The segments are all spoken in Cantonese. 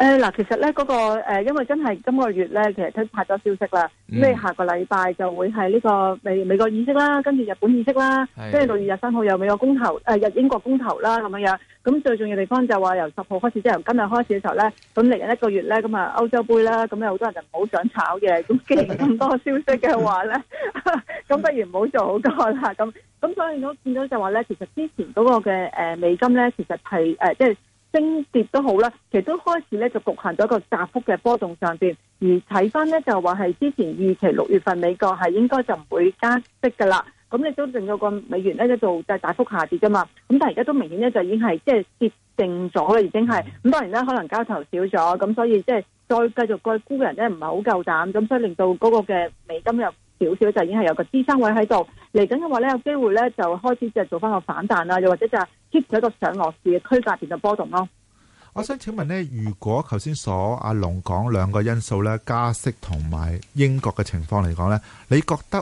嗱、那個，其實咧嗰個因為真係今個月咧，其實都拍咗消息啦，係、嗯、下個禮拜就會係呢、這個美美國議息啦，跟住日本議息啦，跟住六月廿三號又美國公投，誒、呃、日英國公投啦咁樣樣。咁最重要地方就話由十號開始，即係由今日開始嘅時候咧，咁嚟緊一個月咧，咁啊歐洲杯啦，咁有好多人就唔好想炒嘅。咁既然咁多消息嘅話咧，咁 不如唔好做好多啦。咁咁所以我見到就話咧，其實之前嗰個嘅、呃、美金咧，其實係即係。呃，就是升跌都好啦，其實都開始咧就局限咗一個窄幅嘅波動上邊。而睇翻咧就話係之前預期六月份美國係應該就唔會加息噶啦，咁你都令到個美元咧一度就係大幅下跌噶嘛。咁但係而家都明顯咧就已經係即係跌定咗啦，已經係。咁當然呢，可能交投少咗，咁所以即係再繼續沽嘅人咧唔係好夠膽，咁所以令到嗰個嘅美金又少少就已經係有個支撐位喺度。嚟緊嘅話咧有機會咧就開始即係做翻個反彈啦，又或者就係。Keep 咗個上落市嘅區間型嘅波動咯，哦。我想請問呢，如果頭先所阿龍講兩個因素咧，加息同埋英國嘅情況嚟講咧，你覺得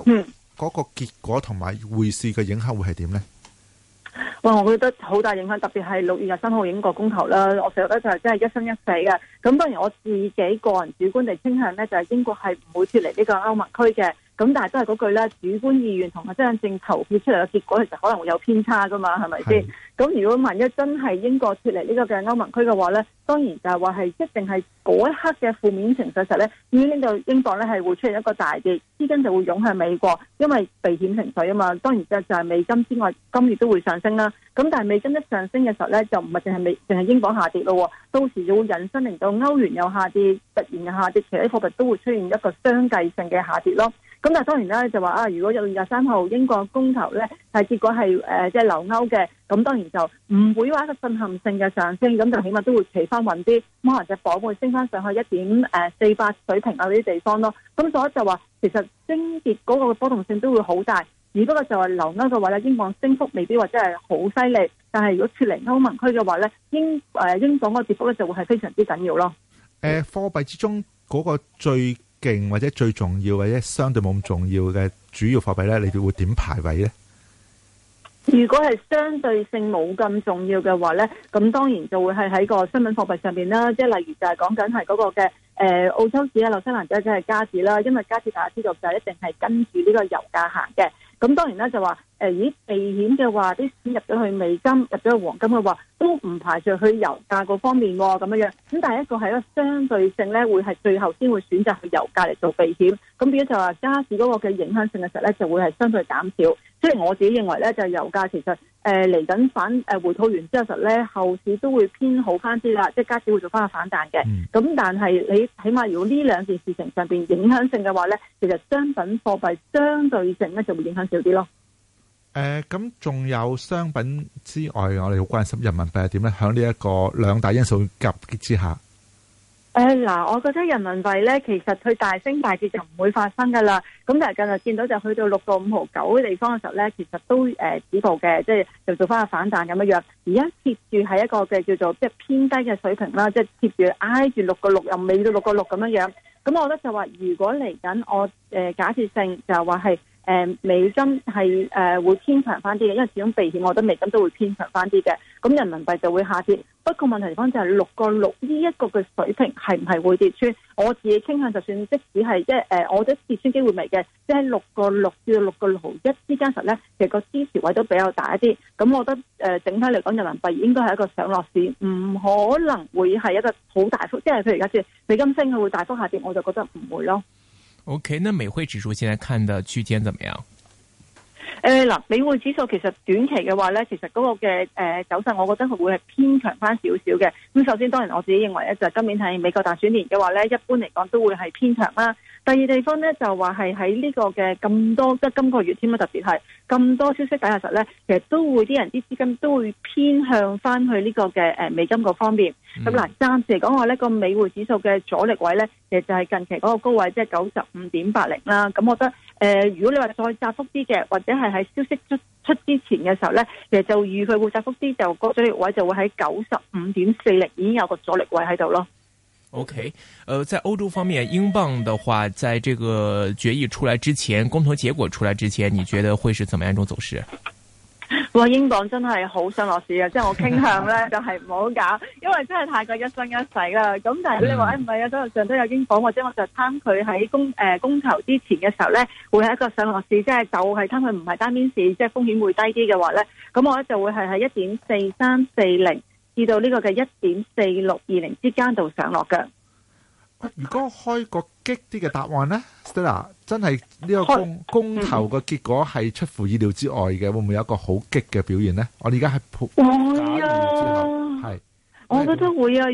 嗰個結果同埋匯市嘅影響會係點呢，嗯？喂，我覺得好大影響，特別係六月廿三號英國公投啦。我成日都就係真係一生一世嘅。咁當然我自己個人主觀地傾向咧，就係英國係唔會脱離呢個歐盟區嘅。咁但係都係嗰句咧，主觀意願同埋真正投票出嚟嘅結果其實可能會有偏差噶嘛，係咪先？咁的如果萬一真係英國脱離呢個嘅歐盟區嘅話咧，當然就係話係一定係嗰一刻嘅負面情緒嘅時候咧，已經令到英鎊咧係會出現一個大跌，資金就會湧向美國，因為避險情緒啊嘛。當然就就係美金之外，金亦都會上升啦。咁但係美金一上升嘅時候咧，就唔係淨係美，淨係英鎊下跌咯，到時就會引申令到歐元有下跌，日元有下跌，其他貨幣都會出現一個相繼性嘅下跌咯。咁但係當然咧就話啊，如果二月廿三號英國公投咧，但係結果係誒即係留歐嘅，咁當然就唔會話一個震撼性嘅上升，咁就起碼都會企翻穩啲，咁可能房會升翻上去一點誒四八水平啊嗰啲地方咯。咁所以就話其實升跌嗰個波動性都會好大，而不過就係留歐嘅話咧，英鎊升幅未必話真係好犀利，但係如果脫離歐盟區嘅話咧，英誒、呃、英鎊個跌幅咧就會係非常之緊要咯。誒、嗯、貨幣之中嗰、那個最勁或者最重要或者相對冇咁重要嘅主要貨幣咧，你哋會點排位咧？如果係相對性冇咁重要嘅話咧，咁當然就會係喺個新聞貨幣上邊啦。即係例如就係講緊係嗰個嘅誒，澳洲紙，啊、新西蘭紙即係加紙啦，因為加紙大家知道就一定係跟住呢個油價行嘅。咁當然啦，就話，咦，誒避險嘅話，啲錢入咗去美金、入咗去黃金嘅話，都唔排除去油價嗰方面咁、哦、樣樣。咁但係一個係一個相對性咧，會係最後先會選擇去油價嚟做避險。咁變咗就話，加市嗰個嘅影響性嘅時候咧，就會係相對減少。即係我自己認為咧，就係、油價其實誒嚟緊反誒、呃、回吐完之後呢，實咧後市都會偏好翻啲啦，即係加市會做翻個反彈嘅。咁、嗯、但係你起碼如果呢兩件事情上邊影響性嘅話咧，其實商品貨幣相對性咧就會影響少啲咯。誒、呃，咁仲有商品之外，我哋好關心人民幣係點咧？喺呢一個兩大因素夾擊之下。誒嗱、呃，我覺得人民幣咧，其實佢大升大跌就唔會發生噶啦。咁但係近日見到就去到六個五毫九嘅地方嘅時候咧，其實都誒止步嘅，即係就做翻個反彈咁樣樣。而家貼住係一個嘅叫做即係偏低嘅水平啦，即係貼住挨住六個六，又未到六個六咁樣樣。咁我覺得就話，如果嚟緊我誒、呃、假設性就話係。誒、呃，美金係誒、呃、會偏強翻啲嘅，因為始終避險，我覺得美金都會偏強翻啲嘅。咁人民幣就會下跌。不過問題方就係六個六呢一個嘅水平係唔係會跌穿？我自己傾向就算即使係即係誒，我覺得跌穿機會未嘅。即係六個六至到六個六一之間實咧，其實個支持位都比較大一啲。咁我覺得誒、呃、整體嚟講，人民幣應該係一個上落市，唔可能會係一個好大幅，即、就、係、是、譬如假設，美金升佢會大幅下跌，我就覺得唔會咯。O、okay, K，那美匯指數現在看的區間怎麼樣？誒、呃，嗱，美匯指數其實短期嘅話咧，其實嗰個嘅誒、呃、走勢，我覺得佢會係偏強返少少嘅。咁首先，當然我自己認為咧，就係、今年係美國大選年嘅話咧，一般嚟講都會係偏強啦。第二，地方咧就話係喺呢個嘅，咁多即係今個月添啦，特別係咁多消息底下實咧，其實都會啲人啲資金都會偏向翻去呢個嘅誒美金嗰方面。咁嗱、嗯，暫時嚟講話呢個美匯指數嘅阻力位咧，其實就係近期嗰個高位，即係九十五點八零啦。咁我覺得誒、呃，如果你話再窄幅啲嘅，或者係喺消息出出之前嘅時候咧，其實就預佢會窄幅啲，就嗰、個、阻力位就會喺九十五點四零已經有個阻力位喺度咯。OK，呃在歐洲方面，英鎊的話，在這個決議出來之前，公投結果出來之前，你覺得會是怎麼樣一種走勢？哇，英鎊真係好上落市嘅，即係 我傾向呢就係唔好搞，因為真係太過一生一世啦。咁但係你話誒唔係啊，實際、 哎、上都有英鎊，或者我就貪佢喺公誒、呃、公投之前嘅時候呢會係一個上落市，即係就係、是、貪佢唔係單邊市，即、就、係、是、風險會低啲嘅話呢咁我呢就會係喺一點四三四零。至到呢個嘅一點四六二零之間度上落嘅。如果開個激啲嘅答案呢，Stella，真係呢個公了公投嘅結果係出乎意料之外嘅，會唔會有一個好激嘅表現呢？我哋而家係鋪假我覺得會啊！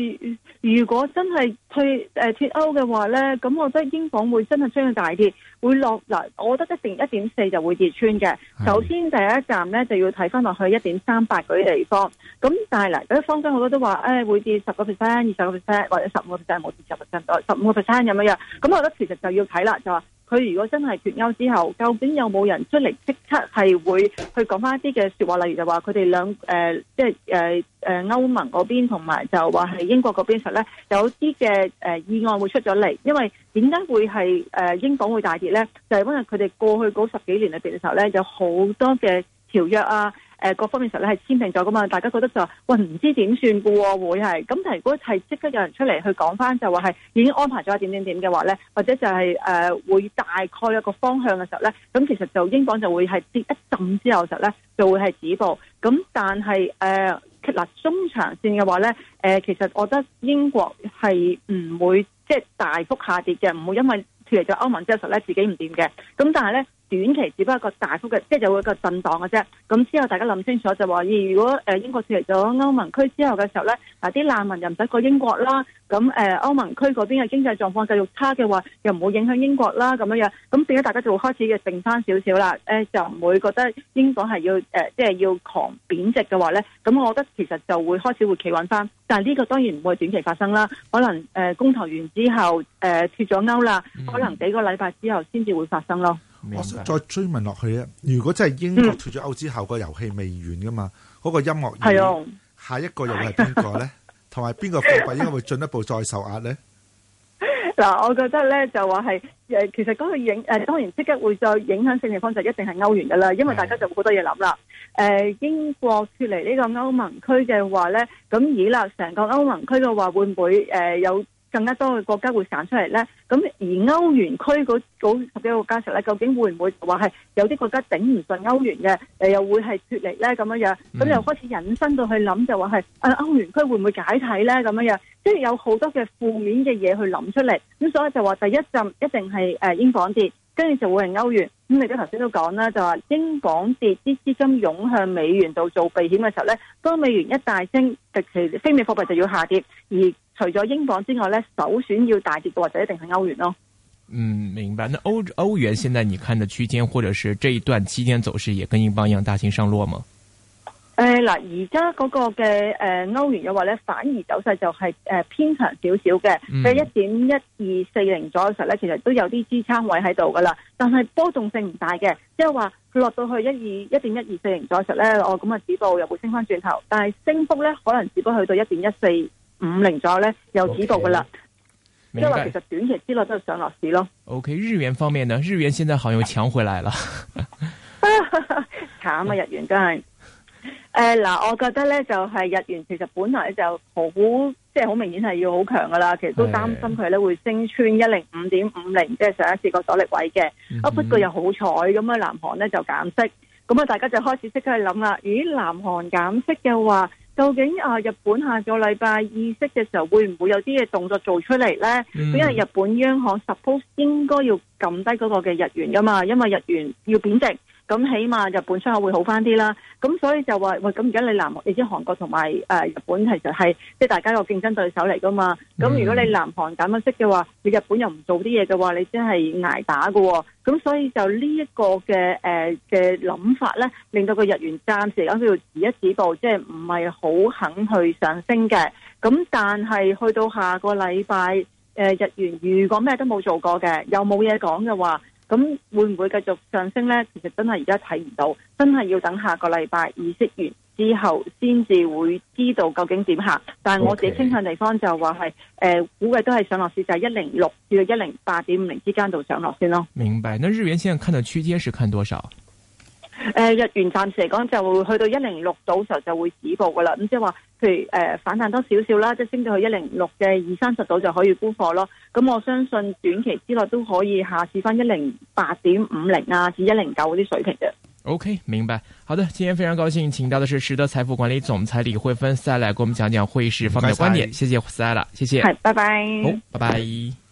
如果真係退誒脱歐嘅話咧，咁我覺得英鎊會真係將佢大跌，會落嗱、呃，我覺得一定一點四就會跌穿嘅。首先第一站咧就要睇翻落去一點三八嗰啲地方。咁但係嗱，嗰啲方針好多都話，誒會跌十個 percent、二十個 percent 或者十五個 percent 冇跌十個 percent、十五個 percent 咁樣樣。咁我覺得其實就要睇啦，就話。佢如果真係脫歐之後，究竟有冇人出嚟即刻係會去講翻一啲嘅說話？例如就話佢哋兩、呃、即係誒誒歐盟嗰邊，同埋就話係英國嗰邊嘅時候咧，有啲嘅意外會出咗嚟。因為點解會係誒英鎊會大跌咧？就係、是、因為佢哋過去嗰十幾年裏面嘅時候咧，有好多嘅條約啊。誒各方面實咧係簽定咗噶嘛，大家覺得就話喂唔知點算㗎喎，會係咁。但如果係即刻有人出嚟去講翻，就話係已經安排咗點點點嘅話咧，或者就係、是、誒、呃、會大概一個方向嘅時候咧，咁其實就英鎊就會係跌一陣之後實咧就會係止步。咁但係誒嗱中長線嘅話咧，誒、呃、其實我覺得英國係唔會即係大幅下跌嘅，唔會因為脫離咗歐盟之後實咧自己唔掂嘅。咁但係咧。短期只不過一個大幅嘅，即係就會有一個震盪嘅啫。咁之後大家諗清楚就話，咦如果誒英國脫離咗歐盟區之後嘅時候咧，嗱啲難民又唔使過英國啦。咁誒歐盟區嗰邊嘅經濟狀況繼續差嘅話，又唔會影響英國啦咁樣樣。咁變咗大家就會開始嘅定翻少少啦。誒就唔會覺得英鎊係要誒即係要狂貶值嘅話咧。咁我覺得其實就會開始會企穩翻。但係呢個當然唔會短期發生啦。可能誒公投完之後誒脱咗歐啦，嗯、可能幾個禮拜之後先至會發生咯。我想再追問落去啊！如果真係英國脱咗歐之後，個遊戲未完噶嘛？嗰個音樂，係啊、下一個又係邊個咧？同埋邊個貨幣應該會進一步再受壓咧？嗱，我覺得咧就話係誒，其實嗰個影誒當然即刻會再影響嘅地方就一定係歐元噶啦，因為大家就會好多嘢諗啦。誒，英國脱離呢個歐盟區嘅話咧，咁以立成個歐盟區嘅話會唔會誒有？更加多嘅國家會散出嚟咧，咁而歐元區嗰十幾個國家實咧，究竟會唔會話係有啲國家頂唔順歐元嘅？誒又會係脱離咧咁樣樣，咁又開始引申到去諗就話係啊歐元區會唔會解體咧咁樣樣，即係有好多嘅負面嘅嘢去諗出嚟。咁所以就話第一陣一定係誒英鎊跌，跟住就會係歐元。咁你啲頭先都講啦，就話英鎊跌，啲資金湧向美元度做避險嘅時候咧，當美元一大升，極其非美貨幣就要下跌而。除咗英鎊之外咧，首選要大跌嘅或者一定係歐元咯。嗯，明白。那歐歐元現在你看嘅區間，或者是這一段期間走勢，也跟英鎊一樣大行上落嗎？誒、呃，嗱，而家嗰個嘅誒歐元嘅話咧，反而走勢就係、是、誒、呃、偏強少少嘅，喺一點一二四零左右時候咧，其實都有啲支撐位喺度噶啦。但係波動性唔大嘅，即係話佢落到去一二一點一二四零左右時候咧，哦咁啊，止步又會升翻轉頭，但係升幅咧可能只不過去到一點一四。五零左右咧，又止步噶啦，即係話其實短期之內都係上落市咯。O、okay, K，日元方面呢，日元現在好像搶回來了，慘 啊！日元真係，誒、呃、嗱，我覺得咧就係、是、日元其實本來就好，即係好明顯係要好強噶啦。其實都擔心佢咧 會升穿一零五點五零，即係上一次個阻力位嘅。不過又好彩咁啊，南韓咧就減息，咁啊大家就開始即刻去諗啦。咦，南韓減息嘅話？究竟啊，日本下個禮拜議息嘅時候，會唔會有啲嘢動作做出嚟呢？Mm. 因為日本央行 suppose 應該要撳低嗰個嘅日元噶嘛，因為日元要貶值。咁起碼日本出口會好翻啲啦，咁所以就話喂，咁而家你南你知韓國同埋誒日本其實係即係大家個競爭對手嚟噶嘛，咁如果你南韓咁樣識嘅話，你日本又唔做啲嘢嘅話，你真係挨打喎、哦。咁所以就、呃、呢一個嘅誒嘅諗法咧，令到個日元暫時嚟講叫做止一止步，即係唔係好肯去上升嘅。咁但係去到下個禮拜、呃、日元，如果咩都冇做過嘅，又冇嘢講嘅話。咁會唔會繼續上升咧？其實真係而家睇唔到，真係要等下個禮拜二息完之後，先至會知道究竟點行。但係我自己傾向地方就話係，誒 Okay.、呃、估計都係上落市，就係一零六至一零八點五零之間度上落先咯。明白。那日元現在看的區間是看多少？誒、呃，日元暫時嚟講就去到一零六度嘅時候就會止步噶啦，咁即係話，譬如誒、呃、反彈多少少啦，即係升到去一零六嘅二三十度就可以沽貨咯。咁我相信短期之內都可以下試翻一零八點五零啊，至一零九嗰啲水平嘅。OK，明白。好的，今天非常高興請到的是實德財富管理總裁李慧芬 Stella 來給我們講講匯市方面嘅觀點。謝謝 Sir，謝謝。好，拜拜。好，拜拜。